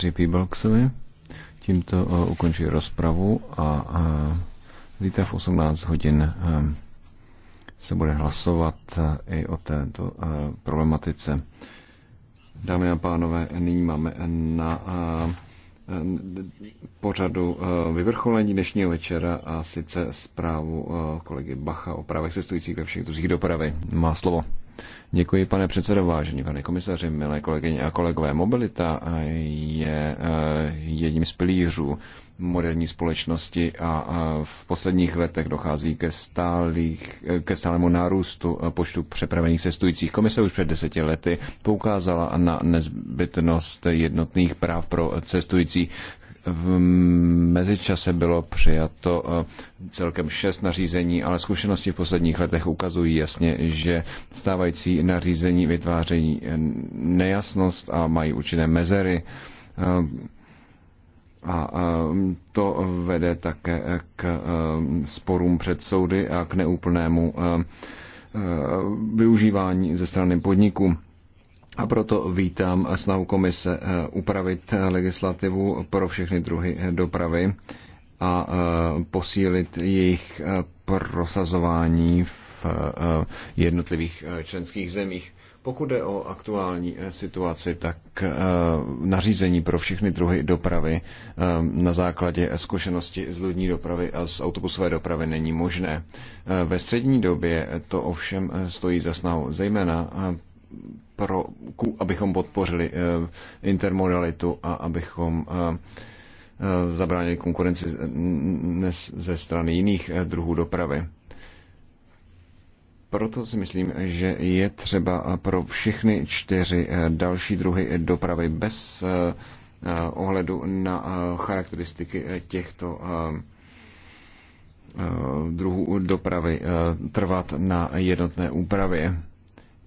Při Píbalksovi. Tímto eh, ukončí rozpravu a eh, zítra v 18 hodin eh, se bude hlasovat i o této problematice. Dámy a pánové, nyní máme na pořadu vyvrcholení dnešního večera a sice zprávu kolegy Bacha o právech cestujících ve všech druzích dopravy. Má slovo. Děkuji, pane předsedo, vážený pane komisaři, milé kolegyně a kolegové. Mobilita je eh, jedním z pilířů moderní společnosti a v posledních letech dochází ke, stálých, eh, ke stálému nárůstu eh, počtu přepravených cestujících. Komise už před deseti lety poukázala na nezbytnost jednotných práv pro cestující, v mezičase bylo přijato eh, celkem šest nařízení, ale zkušenosti v posledních letech ukazují jasně, že stávající nařízení vytvářejí eh, nejasnost a mají určité mezery. Eh, a to vede také k sporům před soudy a k neúplnému využívání ze strany podniků. A proto vítám snahu komise eh, upravit eh, legislativu pro všechny druhy eh, dopravy a posílit jejich prosazování v jednotlivých členských zemích. Pokud jde o aktuální situaci, tak nařízení pro všechny druhy dopravy na základě zkušenosti z lodní dopravy a z autobusové dopravy není možné. Ve střední době to ovšem stojí za snahu, zejména pro, abychom podpořili eh, intermodalitu a abychom eh, eh, zabránili konkurenci ze strany jiných druhů dopravy. Proto si myslím, že je třeba pro všechny čtyři další druhy dopravy bez ohledu na charakteristiky těchto druhů dopravy trvat na jednotné úpravě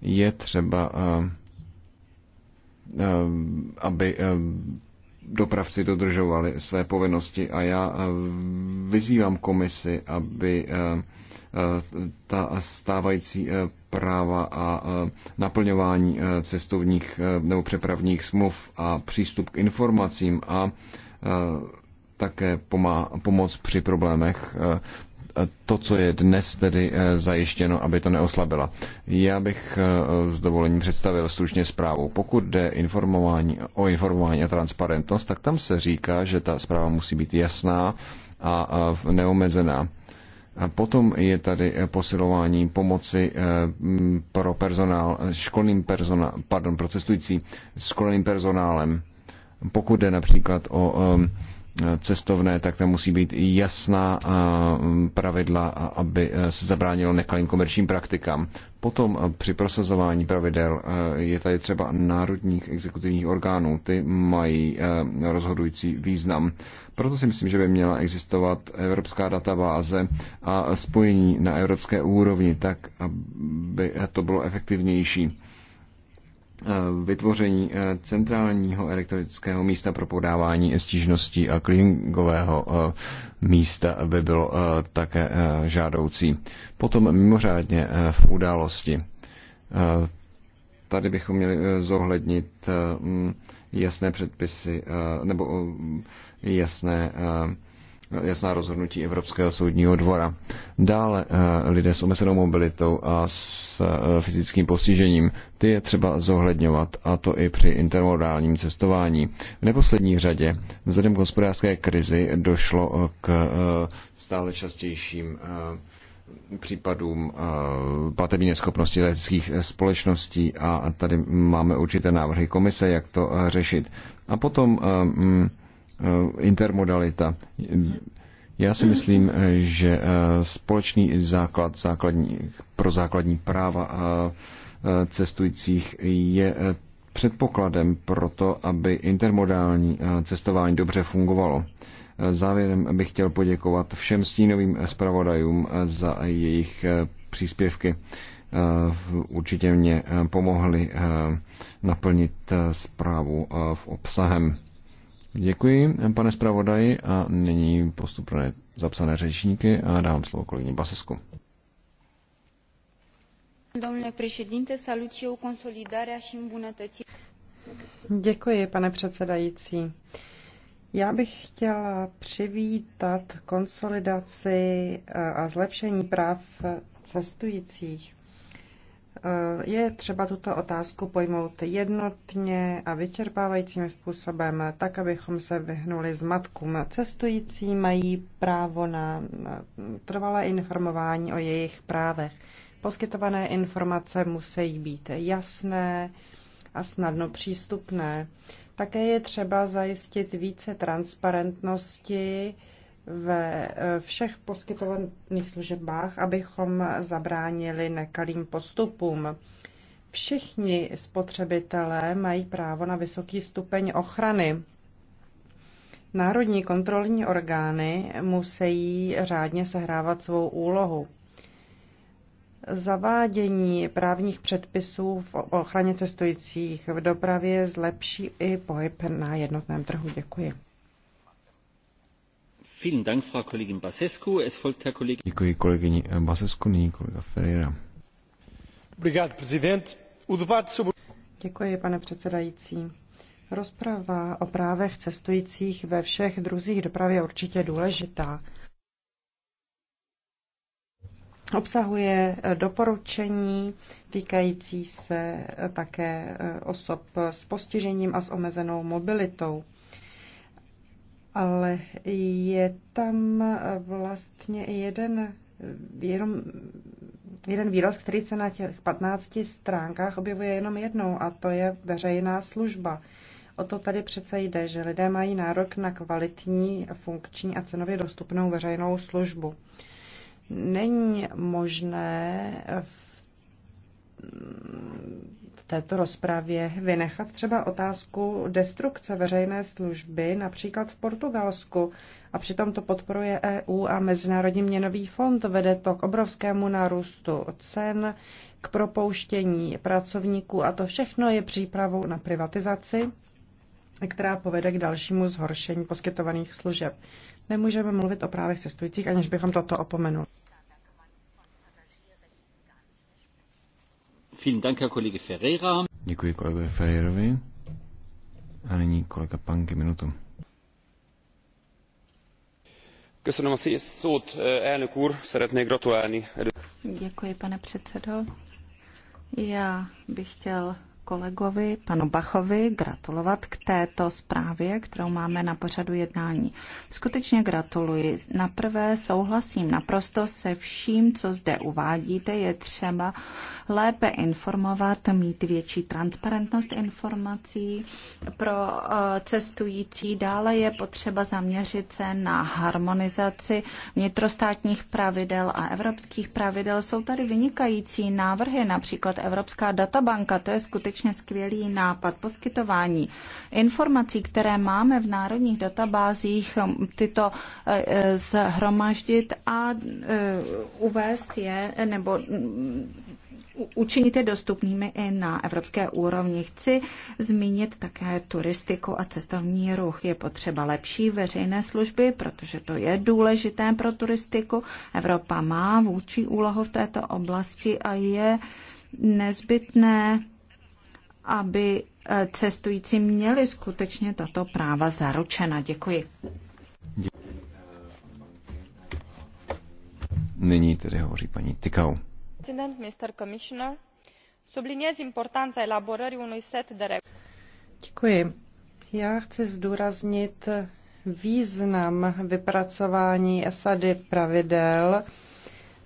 je třeba, eh, eh, aby eh, dopravci dodržovali své povinnosti a já vyzývám komisi, aby ta stávající práva a naplňování cestovních nebo přepravních smluv a přístup k informacím a také pomá, pomoc při problémech to, co je dnes tedy eh, zajištěno, aby to neoslabila. Já bych eh, s dovolením představil stručně zprávu. Pokud jde informování, o informování a transparentnost, tak tam se říká, že ta zpráva musí být jasná a neomezená. A potom je tady eh, posilování pomoci pro personál, školným personál, pardon, pro cestující školným personálem. Pokud jde například o cestovné, tak tam musí být jasná pravidla, aby e, se zabránilo nekalým komerčním praktikám. Potom e, při prosazování pravidel e, je tady třeba národních exekutivních orgánů. Ty mají rozhodující význam. Proto si myslím, že by měla existovat evropská databáze a spojení na evropské úrovni, tak aby to bylo efektivnější Eh, vytvoření eh, centrálního elektronického místa pro podávání stížností a klingového eh, místa by bylo také žádoucí. Potom mimořádně v události. Tady bychom měli zohlednit jasné předpisy nebo jasné jasná rozhodnutí Evropského soudního dvora. Dále eh, lidé s omezenou mobilitou a s eh, fyzickým postižením, ty je třeba zohledňovat a to i při intermodálním cestování. V neposlední řadě vzhledem k hospodářské krizi došlo eh, k stále častějším případům platební neschopnosti leteckých společností a tady máme určité návrhy komise, jak to řešit. A potom mm, Eh, intermodalita. Já si myslím, eh, že eh, společný základ základní, pro základní práva cestujících je předpokladem pro to, aby intermodální cestování dobře fungovalo. Závěrem bych chtěl poděkovat všem stínovým zpravodajům za jejich příspěvky. Určitě mě pomohli naplnit zprávu v obsahem. Děkuji, pane zpravodaji, a nyní postupné zapsané řečníky a dávám slovo kolegyni Basesku. Domnule președinte, salut eu consolidarea și îmbunătățirea. Děkuji, pane předsedající. Já bych chtěla přivítat konsolidaci eh, a zlepšení práv cestujících je třeba tuto otázku pojmout jednotně a vyčerpávajícím způsobem, tak abychom se vyhnuli matkům. Cestující mají právo na trvalé informování o jejich právech. Poskytované informace musí být jasné a snadno přístupné. Také je třeba zajistit více transparentnosti ve eh, všech poskytovaných službách, abychom zabránili nekalým postupům. Všichni spotřebitelé mají právo na vysoký stupeň ochrany. Národní kontrolní orgány musí řádně sehrávat svou úlohu. Zavádění právních předpisů v ochraně cestujících v dopravě zlepší i pohyb na jednotném trhu. Děkuji. Děkuji kolegyni eh, Basescu, nyní kolega Ferreira. Děkuji, pane předsedající. Rozprava o právech cestujících ve všech druzích dopravy je určitě důležitá. Obsahuje eh, doporučení týkající se eh, také osob s postižením a s omezenou mobilitou ale je tam eh, vlastně jeden, eh, jenom jeden výraz, který se na těch 15 stránkách objevuje jenom jednou, a to je veřejná služba. O to tady přece jde, že lidé mají nárok na kvalitní, funkční a cenově dostupnou veřejnou službu. Není možné v v této rozpravě vynechat třeba otázku destrukce veřejné služby, například v Portugalsku. A přitom to podporuje EU a Mezinárodní měnový fond. Vede to k obrovskému nárůstu cen, k propouštění pracovníků a to všechno je přípravou na privatizaci, která povede k dalšímu zhoršení poskytovaných služeb. Nemůžeme mluvit o právech cestujících, aniž bychom toto opomenuli. Děkuji kolegovi Ferreirovi. A nyní kolega Panky minutu. Köszönöm a szót, eh, elnök úr, szeretnék gratulálni. Děkuji, pane předsedo. Já bych chtěl kolegovi, panu Bachovi, gratulovat k této zprávě, kterou máme na pořadu jednání. Skutečně gratuluji. Naprvé souhlasím naprosto se vším, co zde uvádíte. Je třeba lépe informovat, mít větší transparentnost informací pro eh, cestující. Dále je potřeba zaměřit se na harmonizaci vnitrostátních pravidel a evropských pravidel. Jsou tady vynikající návrhy, například Evropská databanka. To je skutečně skutečně skvělý nápad. Poskytování informací, které máme v národních databázích, um, tyto eh, eh, zhromaždit a eh, uvést je nebo mm, učinit je dostupnými i na evropské úrovni. Chci zmínit také turistiku a cestovní ruch. Je potřeba lepší veřejné služby, protože to je důležité pro turistiku. Evropa má vůči úlohu v této oblasti a je nezbytné aby eh, cestující měli skutečně tato práva zaručena. Děkuji. Nyní tedy hovoří paní Tikau. Děkuji. Já chci zdůraznit význam vypracování sady pravidel,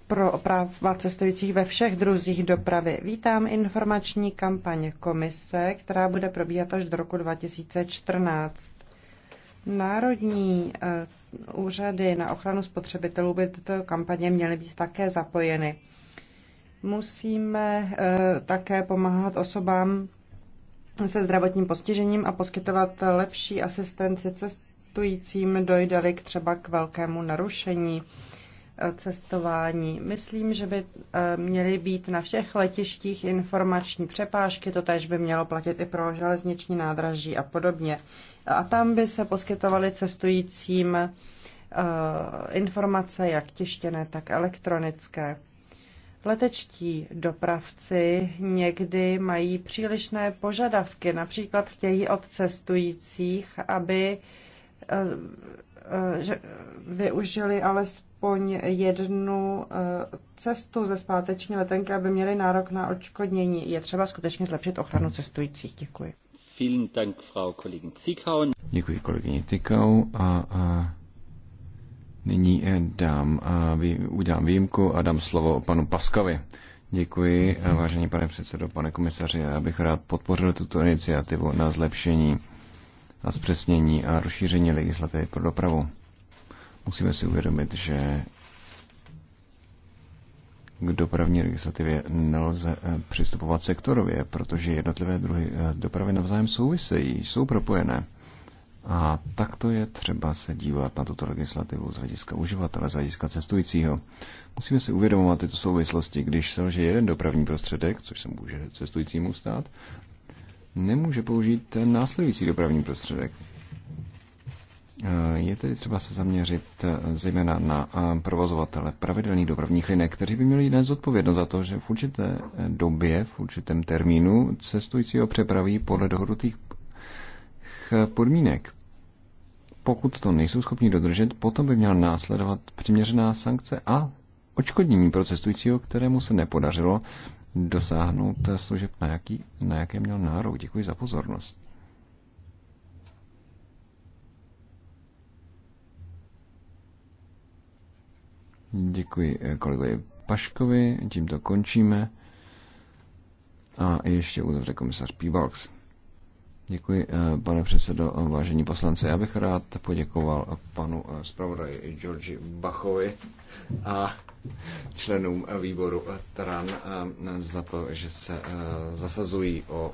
pro práva cestujících ve všech druzích dopravy. Vítám informační kampaň komise, která bude probíhat až do roku 2014. Národní eh, úřady na ochranu spotřebitelů by tyto kampaně měly být také zapojeny. Musíme eh, také pomáhat osobám se zdravotním postižením a poskytovat lepší asistenci cestujícím, dojde-li k třeba k velkému narušení cestování. Myslím, že by eh, měly být na všech letištích informační přepážky, to tež by mělo platit i pro železniční nádraží a podobně. A tam by se poskytovaly cestujícím eh, informace jak tištěné, tak elektronické. Letečtí dopravci někdy mají přílišné požadavky, například chtějí od cestujících, aby eh, Eh, že využili alespoň jednu eh, cestu ze zpáteční letenky, aby měli nárok na odškodnění. Je třeba skutečně zlepšit ochranu cestujících. Děkuji. Děkuji kolegyni Tykau a, a nyní eh, dám, a vý, udám výjimku a dám slovo panu Paskovi. Děkuji, vážený pane předsedo, pane komisaři, já bych rád podpořil tuto iniciativu na zlepšení a zpřesnění a rozšíření legislativy pro dopravu. Musíme si uvědomit, že k dopravní legislativě nelze eh, přistupovat sektorově, protože jednotlivé druhy eh, dopravy navzájem souvisejí, jsou propojené. A takto je třeba se dívat na tuto legislativu z hlediska uživatele, z hlediska cestujícího. Musíme si uvědomovat tyto souvislosti, když selže jeden dopravní prostředek, což se může cestujícímu stát, nemůže použít následující dopravní prostředek. Eh, je tedy třeba se zaměřit eh, zejména na eh, provozovatele pravidelných dopravních linek, kteří by měli nést zodpovědnost za to, že v určité době, v určitém termínu cestujícího přepraví podle dohodnutých podmínek. Pokud to nejsou schopni dodržet, potom by měla následovat přiměřená sankce a očkodnění pro cestujícího, kterému se nepodařilo dosáhnout služeb, na, jaký, na jaké měl nárok. Děkuji za pozornost. Děkuji eh, kolegovi Paškovi, tímto končíme. A ještě uzavře komisař Pibalks. Děkuji, eh, pane předsedo, vážení poslanci. Já bych rád poděkoval panu eh, zpravodaji Georgi Bachovi a členům výboru TRAN eh, za to, že se eh, zasazují o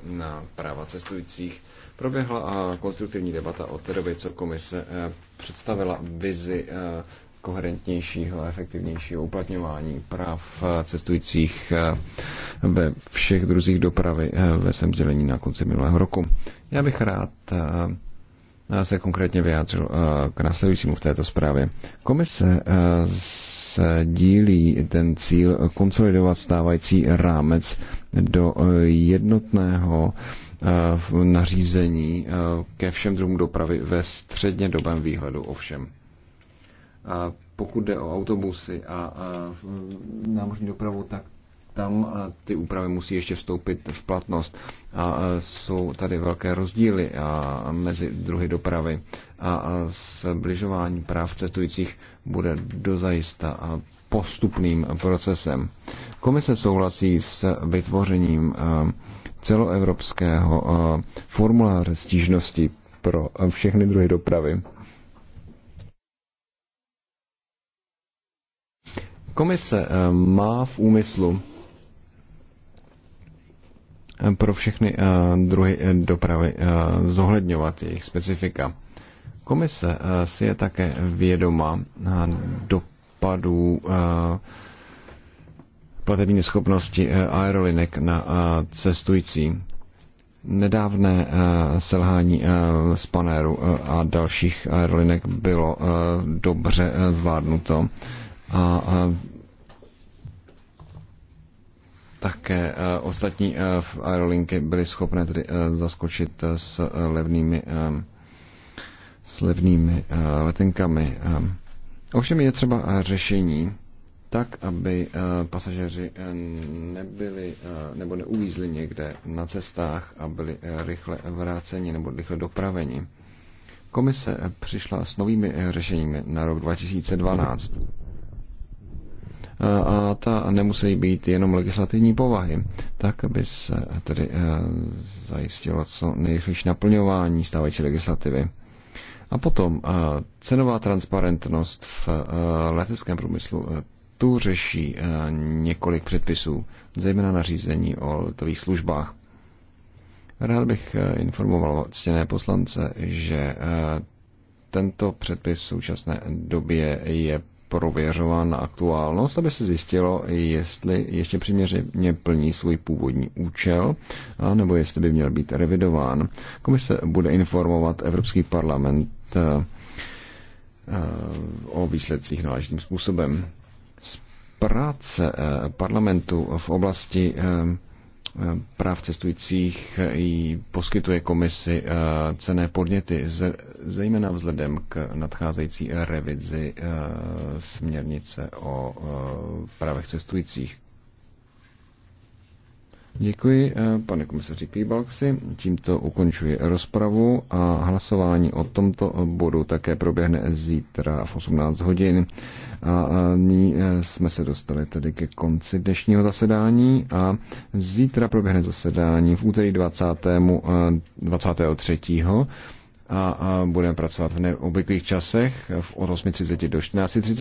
práva cestujících. Proběhla eh, konstruktivní debata o té co komise představila vizi koherentnějšího a efektivnějšího uplatňování práv cestujících ve všech druzích dopravy ve sem na konci minulého roku. Já bych rád se konkrétně vyjádřil eh, k následujícímu v této zprávě. Komise eh, dílí ten cíl konsolidovat stávající rámec do eh, jednotného nařízení ke všem druhům dopravy ve střednědobém výhledu ovšem. pokud jde o autobusy a námořní dopravu, tak tam ty úpravy musí ještě vstoupit v platnost. A jsou tady velké rozdíly a mezi druhy dopravy a zbližování práv cestujících bude dozajista postupným procesem. Komise souhlasí s vytvořením celoevropského formuláře stížnosti pro všechny druhy dopravy. Komise má v úmyslu pro všechny eh, druhy eh, dopravy eh, zohledňovat jejich specifika. Komise si je také vědoma dopadů platební schopnosti aerolinek na cestující. Nedávné selhání Spanéru a dalších aerolinek bylo dobře zvládnuto a také eh, ostatní eh, aerolinky byly schopné tedy eh, zaskočit s levnými, s levnými letenkami. Ovšem je třeba řešení tak, aby pasažeři nebyli nebo neuvízli někde na cestách a byli rychle vráceni nebo rychle dopraveni. Komise přišla s novými řešeními na rok 2012 a ta nemusí být jenom legislativní povahy, tak aby se tedy e, zajistilo co nejrychlejší naplňování stávající legislativy. A potom e, cenová transparentnost v e, leteckém průmyslu tu řeší několik předpisů, zejména nařízení o letových službách. Rád bych informoval ctěné poslance, že tento předpis v současné době je na aktuálnost, aby se zjistilo, jestli ještě přiměřeně plní svůj původní účel, nebo jestli by měl být revidován. Komise bude informovat Evropský parlament eh, eh, o výsledcích náležitým způsobem. Z práce eh, parlamentu v oblasti Eh, práv cestujících i eh, poskytuje komisi eh, cené podněty, zejména vzhledem k nadcházející revizi směrnice o právech cestujících. Děkuji, eh, pane komisaři Píbalksi. Tímto ukončuji rozpravu a hlasování o tomto bodu také proběhne zítra v 18 hodin. A nyní eh, jsme se dostali tedy ke konci dnešního zasedání a zítra proběhne zasedání v úterý 20. 23. Eh, a budeme pracovat v neobvyklých časech od 8.30 do 14.30.